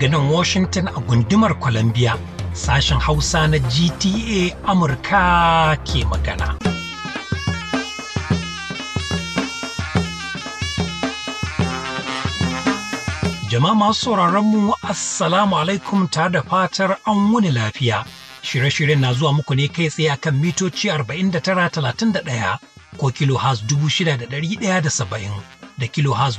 daga nan Washington a gundumar Columbia sashen Hausa na GTA Amurka ke magana. Jama'a masu sauraron mu Assalamu alaikum ta da fatar an wuni lafiya. Shirye-shiryen na zuwa muku ne kai tsaye akan mitoci 49.31 ko kilo has 6,170. da kilo da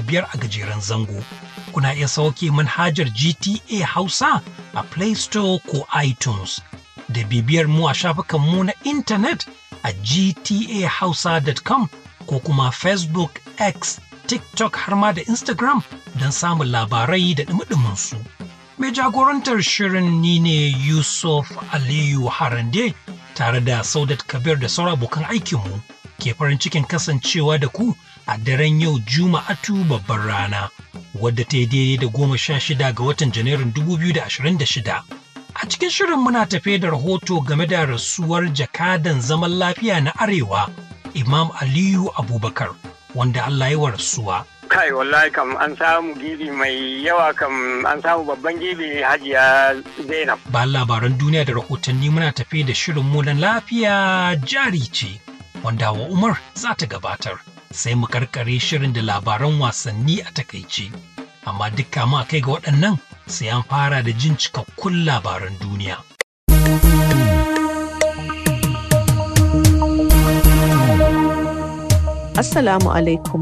biyar a gajeren zango. kuna iya sauke manhajar GTA Hausa a Play Store ko iTunes da bibiyar mu a shafukanmu na intanet a gtahausa.com ko kuma Facebook, X, TikTok har ma da Instagram don samun labarai da su. Mai jagorantar shirin ni ne Yusuf Aliyu Harande tare da Saudat Kabir da sauran abokan aikinmu ke farin cikin kasancewa da ku a daren yau Juma'atu babbar rana. wadda ta yi daidai da goma sha shida ga watan janairun shida, A cikin shirin muna tafe da rahoto game da rasuwar jakadan zaman lafiya na Arewa, Imam Aliyu Abubakar, wanda Allah ya rasuwa. Kai wallahi kam an samu gibi mai yawa kam an samu babban gibi hajiya Zainab. Ba labaran duniya da rahotanni muna tafe da shirin mu na lafiya jari ce, wanda wa Umar za ta gabatar. sai mu karkare shirin da labaran wasanni a takaice. Amma dukka ma kai ga waɗannan sai an fara da jin cikakkun labaran duniya. Assalamu alaikum.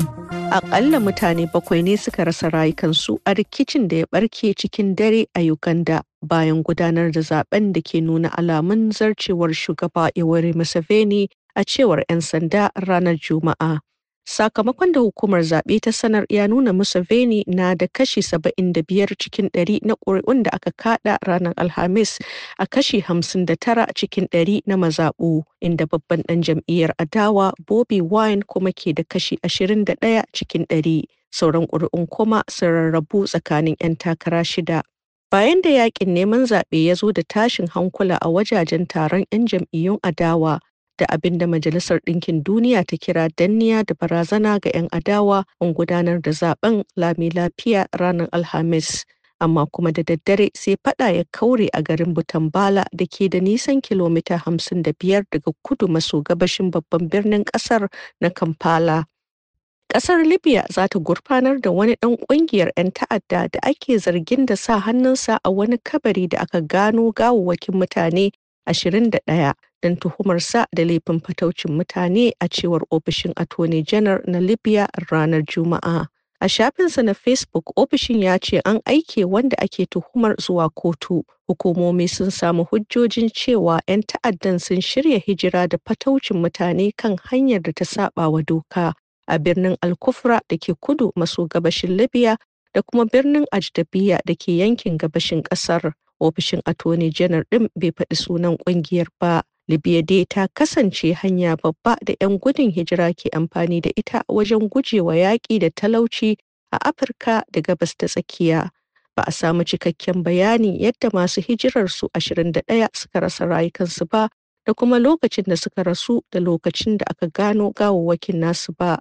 Aƙalla mutane bakwai ne suka rasa rayukansu a rikicin da ya ɓarke cikin dare a Uganda bayan gudanar da zaben da ke nuna alamun zarcewar shugaba Yoweri Museveni a cewar 'yan sanda ranar Juma'a. Sakamakon da hukumar zaɓe ta sanar ya nuna Museveni na da kashi 75 cikin 100 na ƙuri'un da aka kada ranar Alhamis a kashi 59 cikin 100 na mazaɓu, inda babban ɗan jam'iyyar adawa Bobi Wine kuma ke da kashi 21 cikin 100. Sauran ƙuri'un kuma sun rarrabu tsakanin 'yan takara shida. Bayan da yakin neman zaɓe ya zo da tashin hankula a wajajen taron 'yan jam'iyyun adawa, da abin da Majalisar Ɗinkin Duniya ta kira danniya da barazana ga 'yan adawa an gudanar da zaben lami lafiya ranar Alhamis. Amma kuma da daddare sai faɗa ya kaure a garin Butambala da ke da nisan kilomita 55 daga kudu maso gabashin babban birnin ƙasar na Kampala. Ƙasar Libya za ta gurfanar da wani ɗan ƙungiyar 'yan ta'adda da ake zargin da sa hannunsa a wani kabari da aka gano gawawwakin mutane 21 don tuhumarsa da laifin fataucin mutane a cewar ofishin attorney general na libya ranar juma'a a shafinsa na facebook ofishin ya ce an aike wanda ake tuhumar zuwa kotu hukumomi sun samu hujjojin cewa 'yan ta'addan sun shirya hijira da fataucin mutane kan hanyar da ta saba wa doka a birnin alkufra da ke kudu maso gabashin libya da kuma birnin ajdabiya da ke yankin gabashin ƙasar, ofishin attorney general ɗin bai faɗi sunan ƙungiyar ba Libya dai ta kasance hanya babba da 'yan gudun hijira ke amfani da ita wajen gujewa yaƙi da talauci a Afirka da Gabas ta Tsakiya. Ba a samu cikakken bayani yadda masu hijirar su 21 suka rasa rayukansu ba da kuma lokacin da suka rasu da lokacin da aka gano gawawwakin nasu ba.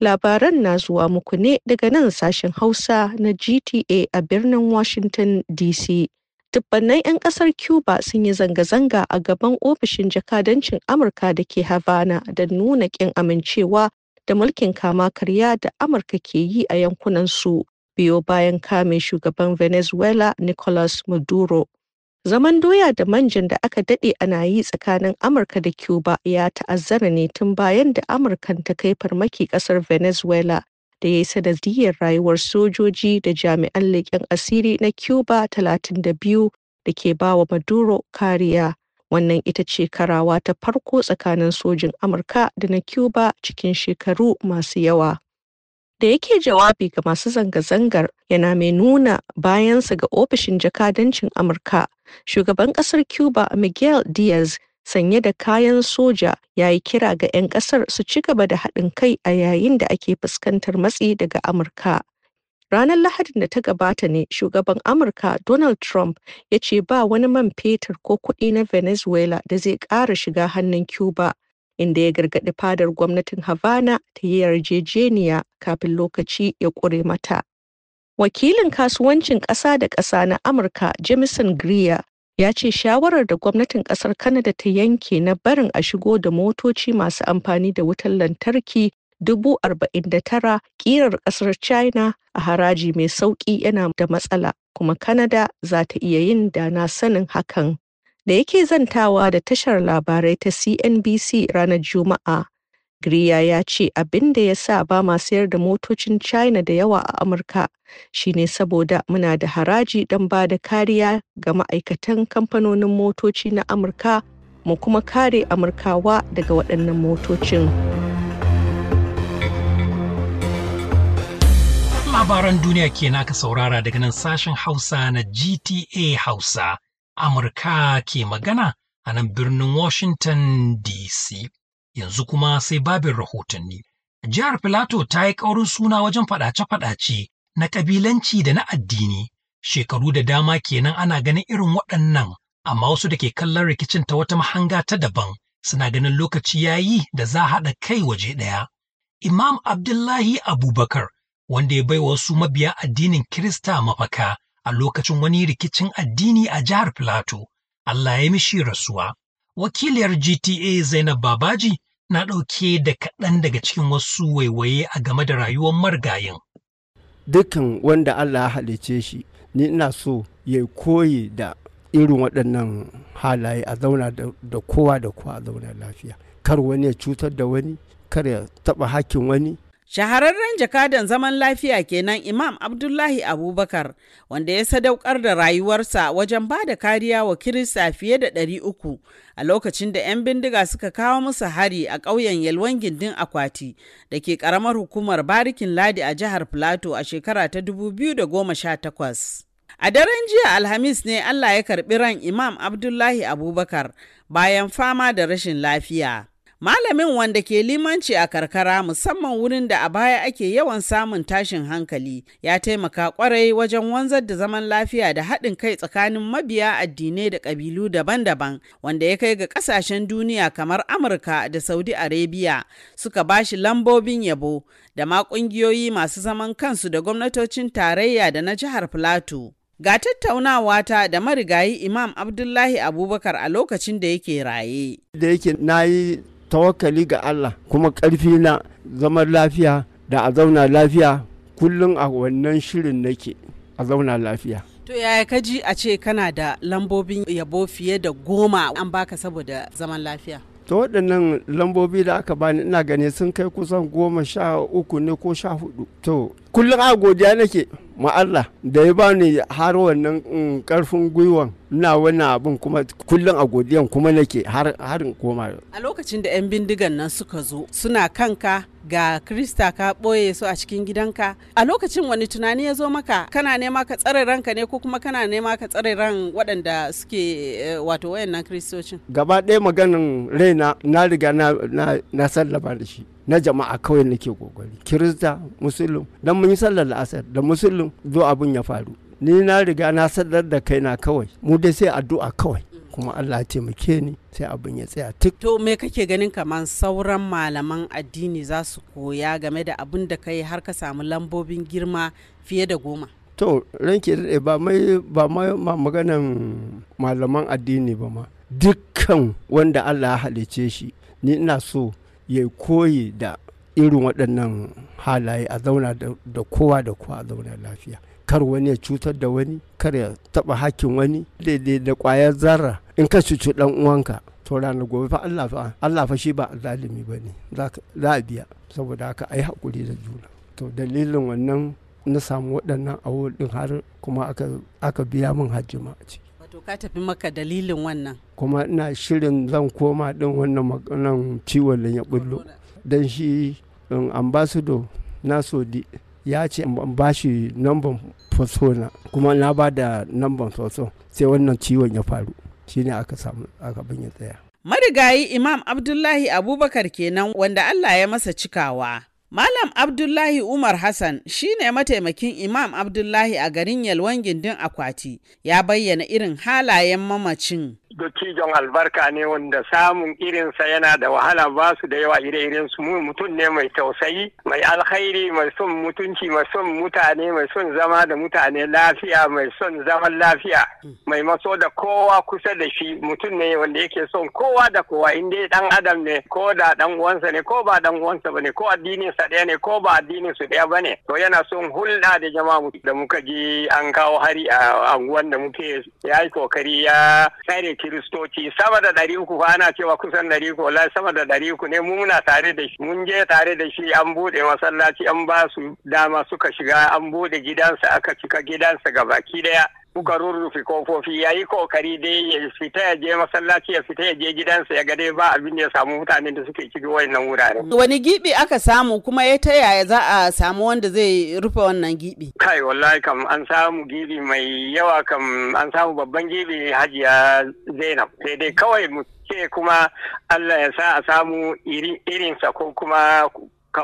Labaran na zuwa muku ne daga nan sashen Hausa na GTA a birnin Washington DC. Dubbannin 'yan kasar Cuba sun yi zanga-zanga a gaban ofishin jakadancin Amurka da ke Havana don nuna kin amincewa da mulkin kama karya da Amurka ke yi a yankunansu biyo bayan kame shugaban Venezuela Nicolas Maduro. Zaman doya da manjan da aka daɗe ana yi tsakanin Amurka da Cuba ya ta'azzara ne tun bayan da Amurkan ta kai farmaki ƙasar Venezuela da ya yi sanadiyar rayuwar sojoji da jami'an leƙen asiri na Cuba 32 da ke bawa wa Maduro kariya. Wannan ita ce karawa ta farko tsakanin sojin Amurka da na Cuba cikin shekaru masu yawa. Da yake jawabi ga masu zanga-zangar yana mai nuna bayansa ga ofishin jakadancin Amurka, shugaban ƙasar Cuba Miguel Diaz sanye da kayan soja ya yi kira ga 'yan kasar su ci gaba da haɗin kai a yayin da ake fuskantar matsi daga Amurka. Ranar Lahadin da ta gabata ne shugaban Amurka Donald Trump ya ce ba wani man fetur ko kuɗi na Venezuela da zai ƙara shiga hannun Cuba, inda ya gargaɗi fadar gwamnatin Havana ta yi yarjejeniya kafin lokaci ya ƙure mata. Wakilin kasuwancin ƙasa da ƙasa na Amurka Jameson Greer ya ce shawarar da gwamnatin kasar Canada ta yanke na barin a shigo da motoci masu amfani da wutar lantarki dubu arba'in da tara ƙirar ƙasar China a haraji mai sauƙi yana da matsala kuma Canada za ta iya yin da na sanin hakan. Da yake zantawa da tashar labarai ta CNBC ranar Juma'a, Griya ya ce abin da ya sa ba ma sayar da motocin China da yawa a Amurka shine saboda muna da haraji don ba da kariya ga ma'aikatan kamfanonin motoci na Amurka mu kuma kare Amurkawa daga waɗannan motocin. Labaran duniya ke naka saurara daga nan sashen Hausa na GTA Hausa, Amurka ke magana a nan birnin Washington DC. yanzu kuma sai babin rahotanni. Jihar Filato ta yi ƙaurin suna wajen faɗace-faɗace na ƙabilanci da na addini. Shekaru da dama kenan ana ganin irin waɗannan, amma wasu da ke kallon rikicin ta wata mahanga ta daban suna ganin lokaci ya yi da za a haɗa kai waje ɗaya. Imam Abdullahi Abubakar, wanda ya bai wasu mabiya addinin Kirista mafaka a lokacin wani rikicin addini a jihar Filato, Allah ya mishi rasuwa. Wakiliyar GTA Zainab Babaji na ɗauke da kaɗan daga cikin wasu waiwaye a game da rayuwar margayin. Dukan wanda Allah ya halice shi, ni ina so ya koyi da irin waɗannan halaye a zauna da kowa da kowa a zauna lafiya. Kar wani ya cutar da wani, kar ya taɓa hakkin wani, Shahararren jakadan zaman lafiya kenan Imam Abdullahi Abubakar wanda ya sadaukar da rayuwarsa wajen ba da kariya wa Kirista fiye da ɗari uku a lokacin da 'yan bindiga suka kawo musu hari a ƙauyen Yalwan Gindin Akwati da ke ƙaramar hukumar Barikin Ladi a jihar Filato a shekara ta 2018. A daren jiya Alhamis ne Allah ya karɓi ran Imam Abdullahi Abubakar bayan fama da rashin lafiya. Malamin wanda ke limanci a karkara musamman wurin da a baya ake yawan samun tashin hankali ya taimaka kwarai wajen wanzar da zaman lafiya da haɗin kai tsakanin mabiya addinai da ƙabilu daban-daban wanda ya kai ga ƙasashen duniya kamar Amurka da Saudi Arabia suka ba shi lambobin yabo da ma ƙungiyoyi masu zaman kansu da gwamnatocin tarayya da na jihar Plateau. Ga tattaunawa ta da marigayi Imam Abdullahi Abubakar a lokacin da yake raye. Da yake na yi Tawakali ga Allah kuma ƙarfi na zaman lafiya da a zauna lafiya kullum a wannan shirin nake a zauna lafiya to yaya ka ji a ce kana da lambobin yabo fiye da goma an baka saboda zaman lafiya to waɗannan lambobi da aka bani ina gani sun kai kusan goma sha uku ne ko sha hudu to kullum a godiya nake ma Allah da ya bani har wannan karfin mm, gwiwan na wani abin kuma kullum a godiyan kuma nake har in koma a lokacin da 'yan bindigan nan suka zo suna kanka ga krista ka ɓoye su a cikin gidanka a lokacin wani tunani ya zo maka kana nema ka tsare ranka ne ko kuma kana nema ka tsare ran waɗanda suke eh, wato wayannan kristocin gaba ɗaya maganin raina na riga na sallaba da shi na jama'a kawai nake kokari kirista musulun dan mun yi sallar la'asar da musulun zo abin ya faru ni na riga na sadar da kaina kawai mu dai sai addu'a kawai kuma Allah taimake ni sai abin ya tsaya tuk. To me kake ganin kamar sauran malaman addini za su koya game da abin da kai har ka samu lambobin girma fiye da goma? To ranke daɗe ba mai ba ma maganan malaman addini ba ma dukkan wanda Allah ya halice shi ni ina so ya koyi da irin waɗannan halaye a zauna da kowa da kowa a zauna lafiya kar wani ya cutar da wani kar ya taɓa hakkin wani daidai da ƙwayar zarra in ka cuci ɗan uwanka to ranar gobe fa Allah fa Allah fa shi ba zalimi ba ne za a biya saboda haka a yi haƙuri da juna to dalilin wannan na samu waɗannan awo ɗin har kuma aka biya min hajjima a ciki wato ka tafi maka dalilin wannan kuma ina shirin zan koma din wannan maganan ciwon da ya bullo don shi um, ambasado na sodi ya ce ba shi namban na kuma na ba da namban faso sai wannan ciwon ya faru shine aka samu aka bin ya tsaya marigayi imam abdullahi abubakar kenan wanda allah ya masa cikawa Malam Abdullahi Umar Hassan shi ne mataimakin Imam Abdullahi a garin Yalwan gindin Akwati ya bayyana irin halayen mamacin. dottijon albarka ne wanda samun irinsa yana da wahala ba su da yawa ire-iren su mutum ne mai tausayi mai alkhairi mai son mutunci mai son mutane mai son zama da mutane lafiya mai son zaman lafiya mai maso da kowa kusa da shi mutum ne wanda yake son kowa da kowa in dai dan adam ne ko da dan uwansa ne ko ba dan uwansa bane ko addinin sa ɗaya ne ko ba addinin su ɗaya bane to yana son hulɗa da jama'a da muka ji an kawo hari a anguwan da muke yayi kokari ya tsare kiristoci sama da ɗari uku ana cewa kusan ɗari uku wallahi sama da ɗari uku ne mu muna tare da shi mun je tare da shi an buɗe masallaci an ba su dama suka shiga an buɗe gidansa aka cika gidansa gabaki ɗaya suka rurrufe kofofi ya yi kokari dai ya fita ya je masallaci ya fita ya je gidansa ya gade ba abin da ya samu mutanen da suke cikin wannan wurare. Wani gibi aka samu kuma ya ta yaya za a samu wanda zai rufe wannan gibi? Kai wallahi kam an samu gibi mai yawa kam an samu babban gibi hajiya Zainab sai dai kawai mu ce kuma Allah ya sa a samu irinsa ko kuma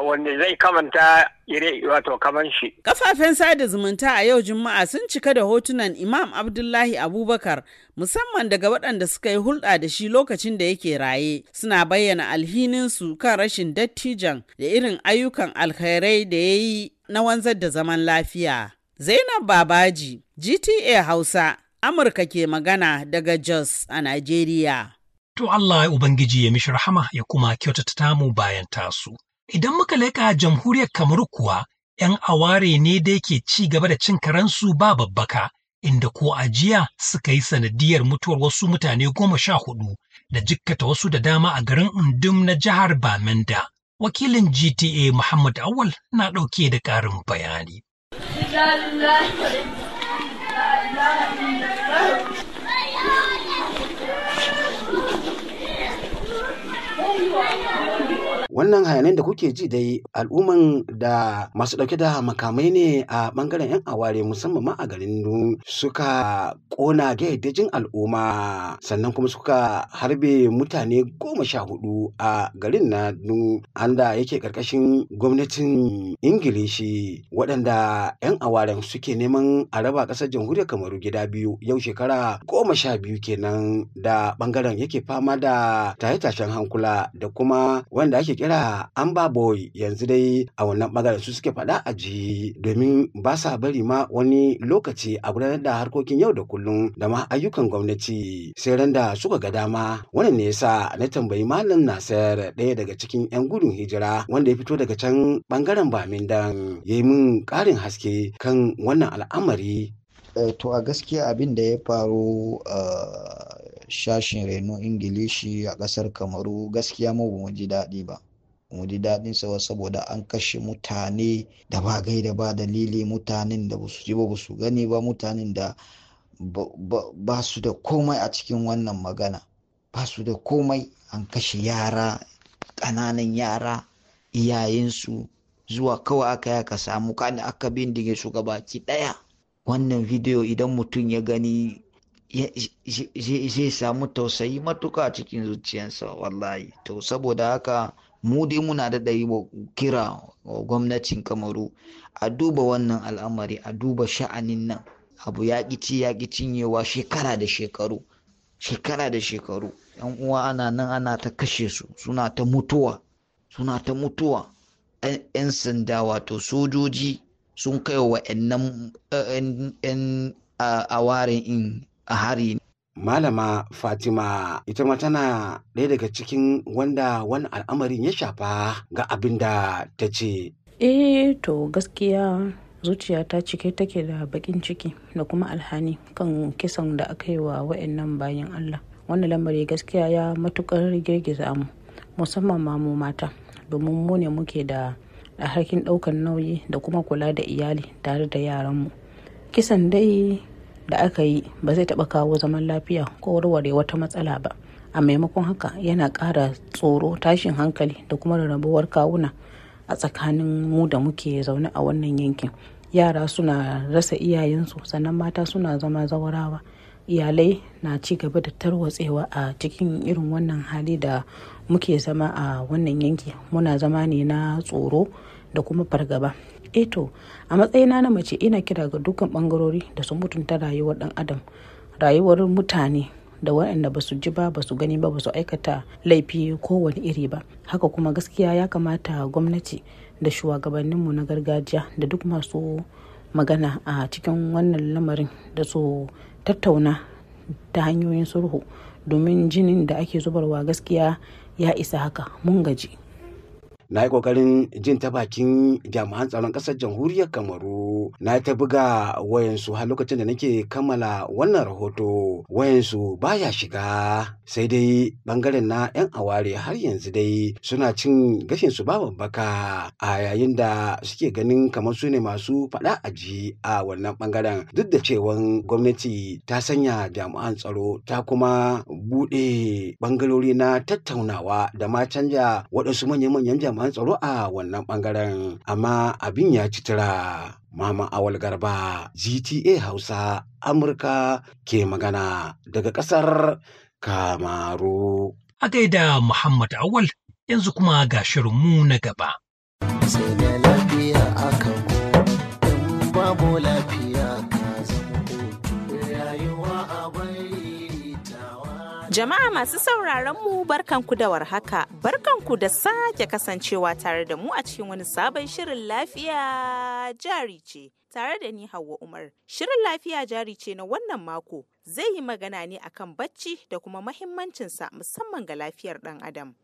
wanda zai kamanta ire wato kaman shi. Kafafen sada zumunta a yau Juma'a sun cika da hotunan Imam Abdullahi Abubakar musamman daga waɗanda suka yi hulɗa da shi lokacin da yake raye suna bayyana alhinin su kan rashin dattijan da irin ayyukan alkhairai da ya yi na wanzar da zaman lafiya. Zainab Babaji, GTA Hausa, Amurka ke magana daga Jos a Najeriya. To Allah Ubangiji ya mishi rahama ya kuma kyautata tamu bayan tasu. Idan muka laƙa jamhuriyar Kamaru kuwa, 'yan aware ne da yake ci gaba da cin karensu ba babbaka, inda ko ajiya suka yi sanadiyyar mutuwar wasu mutane goma sha hudu da jikkata wasu da dama a garin undum na jihar Bamenda. Wakilin GTA Muhammad Awal na ɗauke da ƙarin bayani. wannan hayanin da kuke ji dai al'umman da masu ɗauke da makamai ne a ɓangaren 'yan aware musamman ma a garin suka ƙona gayyadajin al'umma sannan kuma suka harbe mutane goma sha hudu a garin na an da yake ƙarƙashin gwamnatin ingilishi waɗanda 'yan awaren suke neman a raba ƙasar jamhuriyar kamaru gida biyu yau shekara goma sha biyu kenan da ɓangaren yake fama da tashe-tashen hankula da kuma wanda ake kira amba boy yanzu dai a wannan bangaren su suke faɗa a ji domin ba sa bari ma wani lokaci a gudanar da harkokin yau da kullum da ma ayyukan gwamnati sai ran da suka ga dama wannan ne yasa na tambayi malam nasir ɗaya daga cikin yan gudun hijira wanda ya fito daga can bangaren dan ya yi min ƙarin haske kan wannan al'amari eh, to a gaskiya abin da ya faru a shashin reno ingilishi a kasar kamaru gaskiya mu ba mu ji daɗi ba mu ji daɗin sa saboda an kashe mutane da ba da ba dalili mutanen da ba su ji ba su gani ba mutanen da ba su da komai a cikin wannan magana ba su da komai an kashe yara ƙananan yara iyayensu zuwa kawai aka yi aka samu kani aka bindige su baki ɗaya wannan bidiyo idan mutum ya gani zai samu tausayi matuka cikin zuciyarsa wallahi to saboda haka mu dai muna da yi wa kira gwamnatin kamaru a duba wannan al'amari a duba sha'anin nan abu ya ci ya cinyewa shekara da shekaru shekara da shekaru yan uwa ana nan ana ta kashe su suna ta mutuwa suna ta mutuwa yan sanda wato sojoji sun kai wa eh, 'yan awarin in a hari Malama Fatima ita ma tana ɗaya daga cikin wanda wani al'amarin ya shafa ga abin da ta ce. Eh to gaskiya zuciya ta cike take da baƙin ciki da kuma alhani kan kisan da aka yi wa wa'annan bayan Allah. Wannan lamari gaskiya ya matukar girgiza mu musamman ma mu mata domin mu ne muke da alhakin ɗaukar nauyi da kuma kula da iyali tare da yaranmu. Kisan dai da aka yi ba zai taɓa kawo zaman lafiya ko warware wata matsala ba a maimakon haka yana ƙara tsoro tashin hankali da kuma rarrabuwar kawuna a tsakanin mu da muke zaune a wannan yankin yara suna rasa iyayensu sannan mata suna zama zawarawa iyalai na ci gaba da tarwatsewa a cikin irin wannan hali da muke zama a wannan yanki muna zama ne na tsoro da kuma fargaba eto eh a matsayina na mace ina kira ga dukkan bangarori da su mutunta rayuwar dan adam rayuwar mutane da waɗanda ba su ji ba ba su gani ba ba su aikata laifi ko wani iri ba haka kuma gaskiya ya kamata gwamnati da shugabanninmu na gargajiya da duk masu magana a cikin wannan lamarin da su tattauna ta hanyoyin sulhu domin jinin da ake zubarwa gaskiya ya isa haka mun gaji na yi kokarin jin ta bakin jami'an tsaron ƙasar jamhuriyar kamaru na ta buga wayansu har lokacin da nake kammala wannan rahoto wayansu baya shiga sai dai bangaren na 'yan aware har yanzu dai suna cin gashin su ba babbaka a yayin da suke ganin kamar su ne masu faɗa aji a wannan bangaren duk da cewan gwamnati ta sanya jami'an tsaro ta kuma buɗe bangarori na tattaunawa da ma canja waɗansu manya-manyan jami'an tsaro a wannan bangaren amma abin ya ci tira Mama Awal Garba, GTA Hausa, Amurka ke magana daga ƙasar Kamaru. A gaida Muhammad Awal, yanzu kuma ga shirinmu na gaba. Jama'a masu sauraron mu barkanku da warhaka, barkanku da sake kasancewa tare da mu a cikin wani sabon shirin lafiya jari ce. Tare da ni Hauwa Umar, shirin lafiya jari ce na wannan mako zai yi magana ne akan bacci da kuma mahimmancinsa musamman ga lafiyar ɗan adam.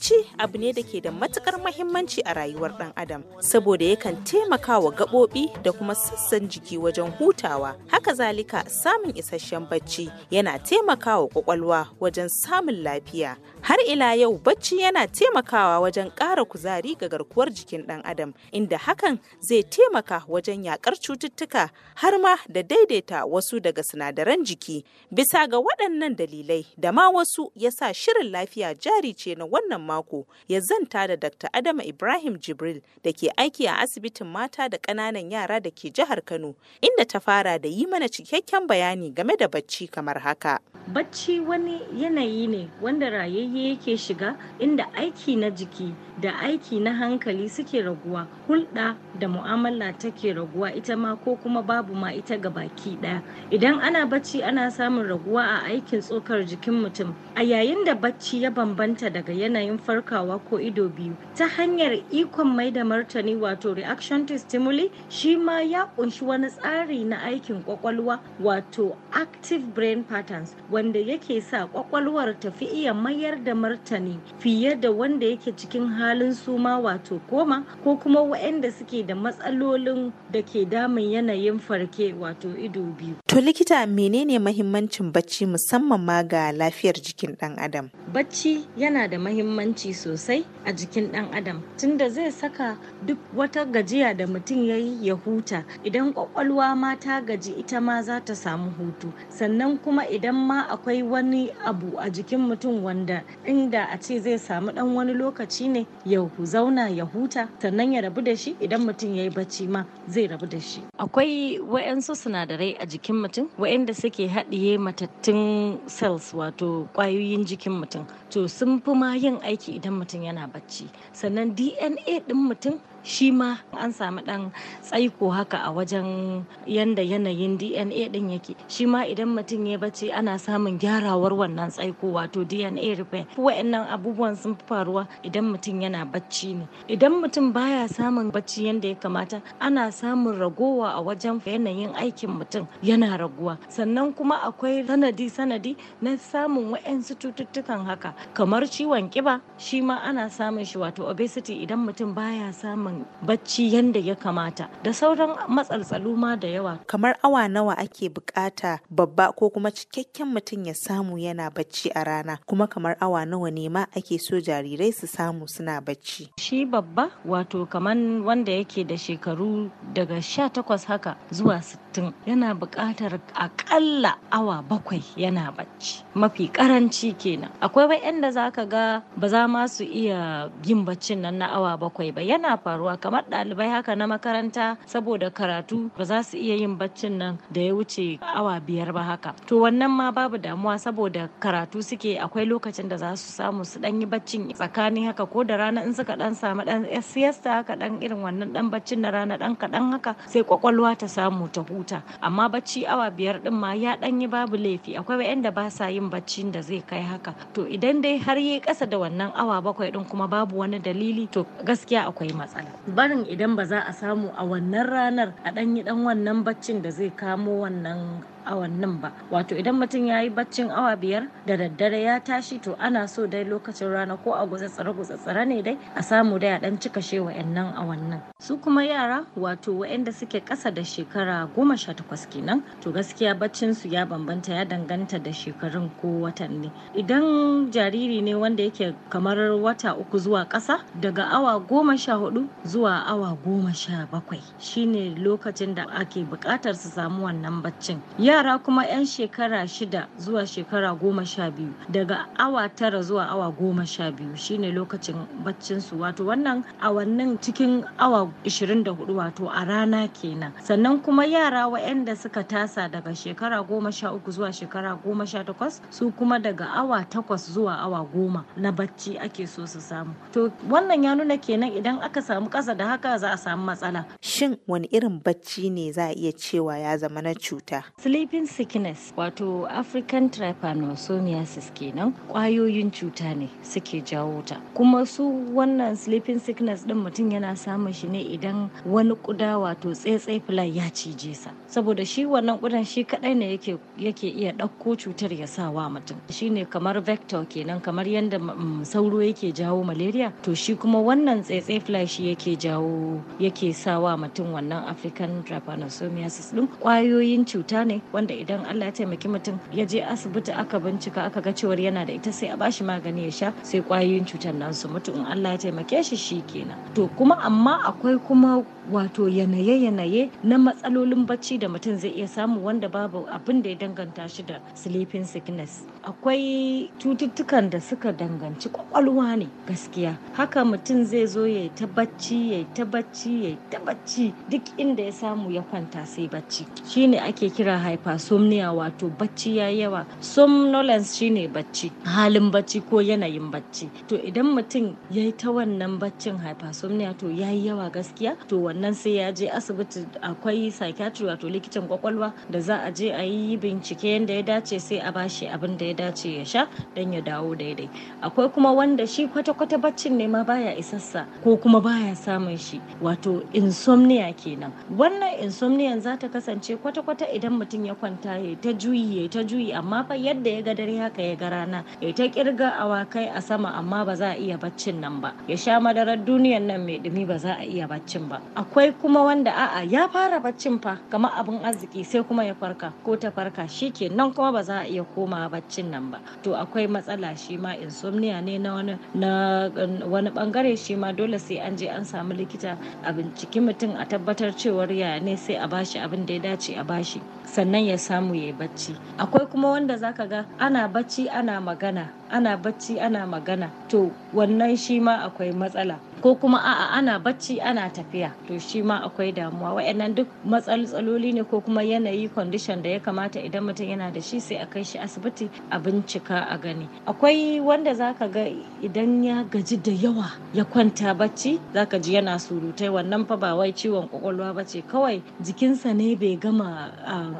bacci abu ne da ke da matukar mahimmanci a rayuwar ɗan adam saboda yakan taimaka wa gaɓoɓi da kuma sassan jiki wajen hutawa haka zalika samun isasshen bacci yana taimaka wa ƙwaƙwalwa wajen samun lafiya Har ila yau bacci yana taimakawa wajen ƙara kuzari ga garkuwar jikin ɗan adam inda hakan zai taimaka wajen yaƙar cututtuka har ma da daidaita wasu daga sinadaran jiki. Bisa ga waɗannan dalilai da ma wasu ya sa shirin lafiya jari ce na wannan mako ya zanta da Dr. Adama Ibrahim Jibril da ke aiki a asibitin mata da ƙananan yara da ke jihar Kano inda ta fara da yi mana cikakken bayani game da bacci kamar haka. Bacci wani yanayi ne wanda rayayye aiki yake shiga inda aiki na jiki da aiki na hankali suke raguwa hulɗa da mu'amala take raguwa ita ma ko kuma babu ma ita ga baki ɗaya idan ana bacci ana samun raguwa a aikin tsokar jikin mutum a yayin da bacci ya bambanta daga yanayin farkawa ko ido biyu ta hanyar ikon mai da martani wato reaction to stimuli shi ma ya kunshi wani tsari na aikin kwakwalwa wato active brain patterns wanda yake sa kwakwalwar tafi iya mayar da da martani fiye da wanda yake cikin halin suma wato koma ko kuma waɗanda suke da matsalolin da ke damun yanayin farke wato ido biyu To likita menene mahimmancin bacci musamman ma ga lafiyar jikin ɗan adam? Bacci yana da mahimmanci sosai a jikin ɗan adam tunda zai saka duk wata gajiya da mutum ya yi ya huta idan kwakwalwa ma ta gaji ita ma za ta samu hutu sannan kuma idan ma akwai wani abu a jikin mutum wanda inda a ce zai samu ɗan wani lokaci ne ya zauna ya huta sannan ya rabu da shi idan mutum ya yi bacci ma zai rabu da shi. Akwai wa'yansu sinadarai a jikin mutum waɗanda suke haɗiye matattun cells wato ƙwayoyin jikin mutum to sun fi ma yin aiki idan mutum yana bacci sannan dna ɗin mutum shi ma an samu ɗan tsaiko haka a wajen yanda yanayin dna ɗin yake shi ma idan mutum ya bace ana samun gyarawar wannan tsaiko wato dna repair wa'annan abubuwan sun fi faruwa idan mutum yana bacci ne idan mutum baya samun bacci yanda ya kamata ana samun ragowa a wajen yanayin aikin mutum yana raguwa sannan kuma akwai sanadi sanadi na samun wa'yansu cututtukan haka kamar ciwon kiba shi ma ana samun shi wato obesity idan mutum baya samun samun bacci yanda ya kamata da sauran matsaltsalu ma da yawa. Kamar awa nawa ake bukata babba ko kuma cikakken mutum ya samu yana bacci a rana kuma kamar awa nawa ne ma ake so jarirai su samu suna bacci. Shi babba wato kamar wanda yake da shekaru daga 18 haka zuwa sittin yana buƙatar aƙalla awa bakwai yana bacci mafi ƙaranci kenan akwai wa yanda za ka ga ba za ma su iya yin baccin nan na awa bakwai ba yana faruwa kamar ɗalibai haka na makaranta saboda karatu ba za su iya yin baccin nan da ya wuce awa biyar ba haka to wannan ma babu damuwa saboda karatu suke akwai lokacin da za su samu su ɗan yi baccin tsakani haka ko da rana in suka ɗan samu ɗan siyasta haka ɗan irin wannan ɗan baccin na rana ɗan kaɗan haka sai kwakwalwa ta samu ta huta huta amma bacci awa biyar din ma ya dan yi babu laifi akwai wa'anda ba sa yin baccin da zai kai haka to idan dai har yi kasa da wannan awa bakwai din kuma babu wani dalili to gaskiya akwai matsala barin idan ba za a samu a wannan ranar a dan yi dan wannan baccin da zai kamo wannan awannin ba wato idan mutum ya yi baccin awa biyar da daddare ya tashi to ana so dai lokacin rana ko a gutsa tsare ne dai a samu dai a dan cika she wa'annan awannin su kuma yara wato wa'anda suke kasa da shekara goma sha takwas kenan to gaskiya baccin su ya bambanta ya danganta da shekarun ko watanni idan jariri ne wanda yake kamar wata uku zuwa kasa daga awa goma sha hudu zuwa awa goma sha bakwai shine lokacin da ake bukatar su samu wannan baccin yara kuma 'yan shekara shida zuwa shekara goma sha biyu daga awa tara zuwa awa goma sha biyu shine lokacin baccinsu wato wannan awannin cikin awa 24 wato a rana kenan sannan kuma yara waɗanda suka tasa daga shekara goma sha uku zuwa shekara goma sha takwas su kuma daga awa takwas zuwa awa goma na bacci ake so su samu to wannan ya nuna kenan idan aka samu ƙasa da haka za a samu matsala shin wani irin bacci ne za a iya cewa ya zama na cuta sleeping sickness wato african trypanosomiasis kenan kwayoyin cuta ne suke jawo ta kuma su wannan sleeping sickness din mutum yana samun shi ne idan wani kuda wato tsaitsai fly ya cije sa saboda shi wannan kudan shi kadai ne yake iya ɗauko cutar ya sa wa mutum shi ne kamar vector kenan kamar yadda sauro yake jawo malaria to shi kuma wannan tsaitsai fly shi yake jawo yake sa wa mutum wannan african trypanosomiasis din kwayoyin cuta ne wanda idan Allah ya taimaki mutum ya je asibiti aka bincika aka ga cewar yana da ita sai a bashi magani ya sha sai kwayoyin cutar nan su mutu in Allah ya taimake shi shi kenan to kuma amma akwai kuma wato yanaye-yanaye na matsalolin bacci da mutum zai iya samu wanda babu abin da ya danganta shi da sleeping sickness akwai cututtukan da suka danganci kwakwalwa ne gaskiya haka mutum zai zo ya ta bacci ya ta bacci ya ta bacci duk inda ya samu ya kwanta sai bacci shine ake kira hypersomnia wato bacci ya yawa somnolence shine bacci halin bacci ko yanayin bacci to idan mutum ya yi ta wannan baccin hypersomnia to ya yi yawa gaskiya to wannan sai ya je asibiti akwai psychiatry wato likitan kwakwalwa da za a je a yi bincike yadda ya dace sai a bashi abin da ya dace ya sha dan ya dawo daidai akwai kuma wanda shi kwata-kwata baccin ne ma baya isassa ko kuma baya samun shi wato insomnia kenan wannan insomnia za ta kasance kwata-kwata idan mutum ya ya kwanta ya ta juyi ya ta juyi amma fa yadda ya ga dare haka ya ga rana ya ta kirga awakai a sama amma ba za a iya baccin nan ba ya sha madarar duniyan nan mai dumi ba za a iya baccin ba akwai kuma wanda a'a ya fara baccin fa kama abin arziki sai kuma ya farka ko ta farka ke nan kuma ba za a iya koma baccin nan ba to akwai matsala shi ma insomnia ne na wani na wani bangare shi ma dole sai an je an samu likita a binciki mutum a tabbatar cewar yaya ne sai a bashi abin da ya dace a bashi sannan nan ya samu ya bacci akwai kuma wanda za ka ga ana bacci ana magana ana bacci ana magana to wannan shi ma akwai matsala ko kuma a'a ana bacci ana tafiya to shi ma akwai damuwa wa'annan duk matsaloli ne ko kuma yanayi condition da ya kamata idan mutum yana da shi sai a kai shi asibiti a bincika a gani akwai wanda zaka ga idan ya gaji da yawa ya kwanta bacci zaka ji yana surutai wannan fa ba wai ciwon kwakwalwa ba kawai jikinsa ne bai gama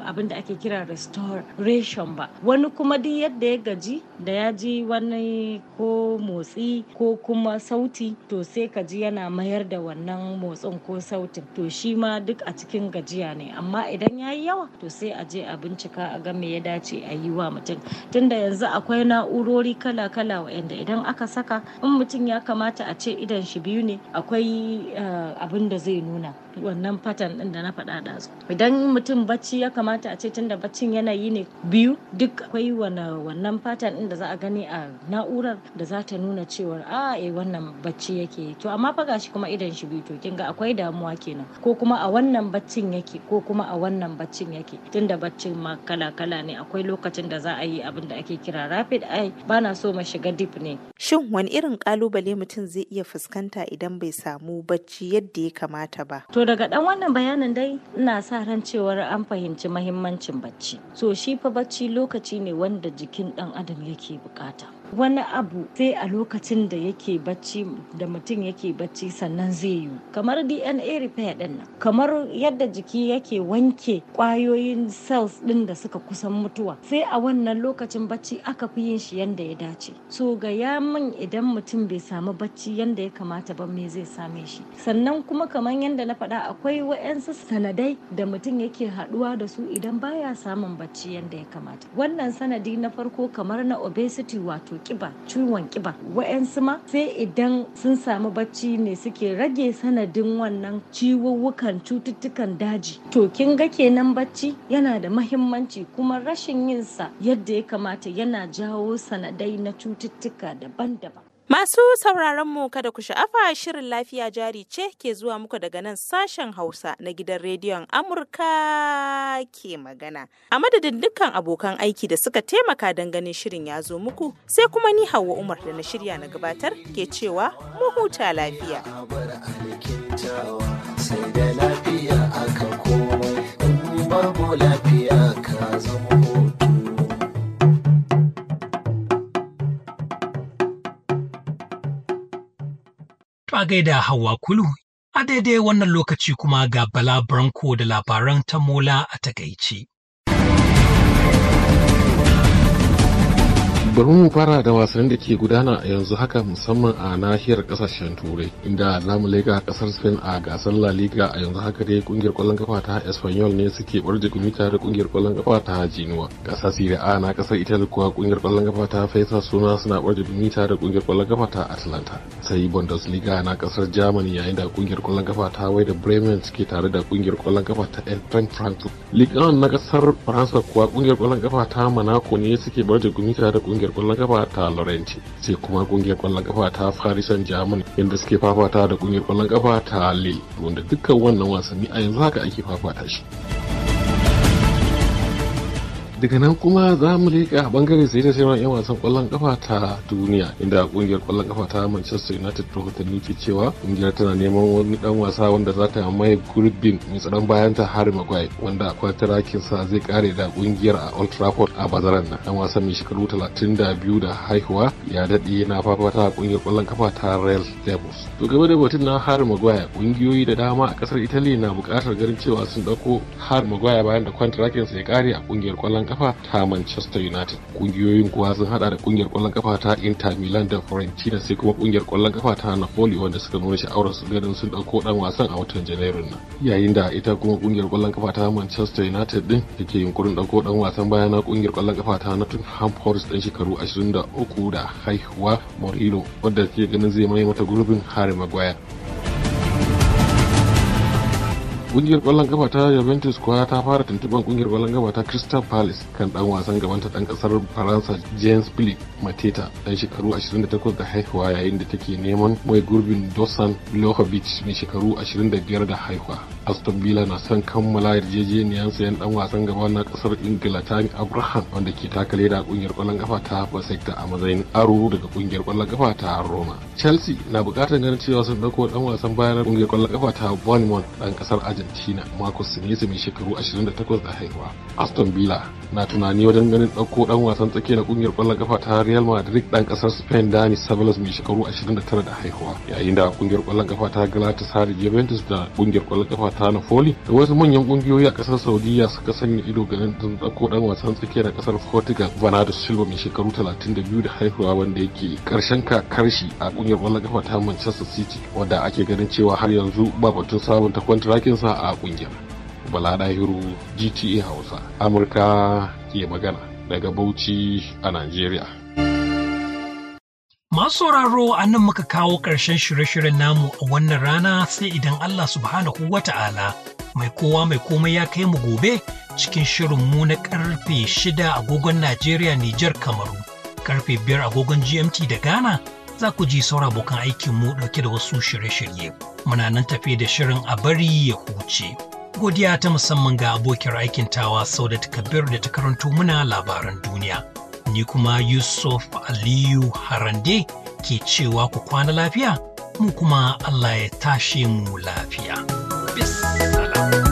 abin da ake kira restoration ba wani kuma duk yadda ya gaji da ya ji wani ko motsi ko kuma sauti to sai ka ji yana mayar da wannan motsin ko sautin to shi ma duk a cikin gajiya ne amma idan ya yi yawa to sai a je a bincika a ga me ya dace a yi wa mutum tunda yanzu akwai na'urori kala-kala wa'anda idan aka saka in mutum ya kamata a ce idan shi biyu ne akwai eh, abin da zai nuna wannan fatan din da na faɗa da su idan mutum bacci ya kamata a ce tunda baccin yanayi ne biyu duk akwai wannan fatan din da za a gani a na'urar da za ta nuna cewa a ah, eh, wannan bacci yake to amma fa gashi kuma idan shi biyu to kin ga akwai damuwa kenan ko kuma a wannan baccin yake ko kuma a wannan baccin yake tunda baccin ma kala kala ne akwai lokacin da za a yi abin da ake kira rapid eye bana so ma shiga deep ne shin wani irin kalubale mutum zai iya fuskanta idan bai samu bacci yadda ya kamata ba to daga dan wannan bayanin dai ina sa ran cewar an fahimci mahimmancin bacci so shi fa bacci lokaci ne wanda jikin dan adam yake bukata wani abu sai a lokacin da yake bacci da mutum yake bacci sannan zai yi kamar dna repair din nan kamar yadda jiki yake wanke kwayoyin cells din da suka kusan mutuwa sai a wannan lokacin bacci aka fi yin shi yadda ya dace so ga ya min idan mutum bai samu bacci yadda ya kamata ba me zai same shi sannan kuma kamar yadda na faɗa akwai wa'yansu sanadai da mutum yake haɗuwa da su idan baya samun bacci yadda ya kamata wannan sanadi na farko kamar na obesity wato kiba ciwon kiba wa'yansu ma sai idan sun samu bacci ne suke rage sanadin wannan ciwuwukan cututtukan daji to kin ga kenan bacci yana da mahimmanci kuma rashin yinsa yadda ya kamata yana jawo sanadai na cututtuka daban-daban Masu sauraron mu kada ku sha'afa shirin lafiya jari ce ke zuwa muku daga nan sashen Hausa na gidan rediyon Amurka ke magana. A madadin dukkan abokan aiki da suka taimaka don ganin shirin ya zo muku sai kuma ni Hauwa Umar da na shirya na gabatar ke cewa mu huta lafiya. To a gaida Hauwa Kulu, a daidai wannan lokaci kuma ga Bala da labaran ta mola a takaice. bari mu fara da wasannin da ke gudana a yanzu haka musamman a nahiyar kasashen turai inda za mu leka kasar spain a gasar la liga a yanzu haka dai kungiyar kwallon kafa ta espanyol ne suke barje gumi tare kungiyar kwallon kafa ta jinuwa gasa sire a na kasar italy kuwa kungiyar kwallon kafa ta faisa suna suna barje gumi tare kungiyar kwallon kafa ta atlanta sai bundesliga na kasar germany yayin da kungiyar kwallon kafa ta da bremen suke tare da kungiyar kwallon kafa ta eintracht frankfurt liga na kasar faransa kuwa kungiyar kwallon kafa ta monaco ne suke barje gumi tare da kungiyar kwallon kafa ta Laurenti sai kuma kungiyar kwallon kafa ta Paris Saint-Germain inda suke fafata da kungiyar kwallon kafa ta Lille wanda dukkan wannan wasanni a yanzu haka ake fafata shi. daga nan kuma za mu leƙa bangare sai na sauran 'yan wasan kwallon kafa ta duniya inda kungiyar kwallon kafa ta manchester united ta rahotanni ke cewa kungiyar tana neman wani dan wasa wanda za ta mai gurbin mai tsaron bayan ta harry maguire wanda sa zai kare da kungiyar a old trafford a bazaran nan dan wasan mai shekaru 32 da da haihuwa ya daɗe na fafata a kungiyar kwallon kafa ta real devils to game da batun na harry maguire kungiyoyi da dama a kasar italy na buƙatar ganin cewa sun ɗauko harry maguire bayan da kwantarakinsa ya kare a kungiyar kwallon kafa ta Manchester United. Kungiyoyin kuwa sun hada da kungiyar kwallon kafa ta Inter Milan da Fiorentina sai kuma kungiyar kwallon kafa ta Napoli wanda suka nuna sha'awar su ganin sun dauko dan wasan a watan Janairun nan. Yayin da ita kuma kungiyar kwallon kafa ta Manchester United din take yunkurin dauko dan wasan baya na kungiyar kwallon kafa ta Nottingham Forest dan shekaru 23 da haihuwa Mourinho wanda ke ganin zai mai mata gurbin Harry Maguire. kungiyar kwallon gaba ta Juventus kuwa ta fara tuntuɓar kungiyar kwallon gaba ta Crystal Palace kan dan wasan gaban ta dan kasar Faransa James Philippe mateta dan shekaru 28 da haihuwa yayin da take neman mai gurbin dosan lohovic mai shekaru 25 da haihuwa aston villa na son kammala yarjejeniyar sayan dan wasan gaba na kasar ingila Tani abraham wanda ke takale da kungiyar kwallon kafa ta basecta a matsayin aro daga kungiyar kwallon kafa ta roma chelsea na bukatar ganin cewa sun dauko dan wasan bayan kungiyar kwallon kafa ta bournemouth dan kasar argentina marcus sinisa mai shekaru 28 da haihuwa aston villa na tunani wajen ganin ɗauko ɗan wasan tsakiya na ƙungiyar ƙwallon kafa ta Real Madrid ɗan ƙasar Spain Dani Ceballos mai shekaru 29 da haihuwa yayin da ƙungiyar ƙwallon kafa ta Galatasaray Juventus da ƙungiyar ƙwallon kafa ta Napoli da wasu manyan ƙungiyoyi a ƙasar Saudiya suka sanya ido ganin ɗauko ɗan wasan tsakiya na ƙasar Portugal Bernardo Silva mai shekaru 32 da haihuwa wanda yake ƙarshen kakar shi a ƙungiyar ƙwallon kafa ta Manchester City wanda ake ganin cewa har yanzu ba batun sabunta kwantarakinsa a ƙungiyar. Bala Dahiru GTA Hausa Amurka ke magana daga Bauchi a Najeriya. Masu sauraro a nan muka kawo ƙarshen shirye-shiryen namu a wannan rana sai idan Allah subhanahu wa ta'ala mai kowa mai komai ya kai mu gobe cikin shirin mu na karfe shida agogon Najeriya Nijar Kamaru, karfe biyar agogon GMT da Ghana za ku ji saura abokan aikin mu ɗauke da wasu shirye-shirye. Muna nan tafe da shirin a bari ya huce. Godiya ta musamman ga abokin aikin tawa Saudat Kabir da ta karanto muna labaran duniya. Ni kuma Yusuf Aliyu Harande ke cewa ku kwana lafiya, mu kuma Allah ya tashe mu lafiya. Bis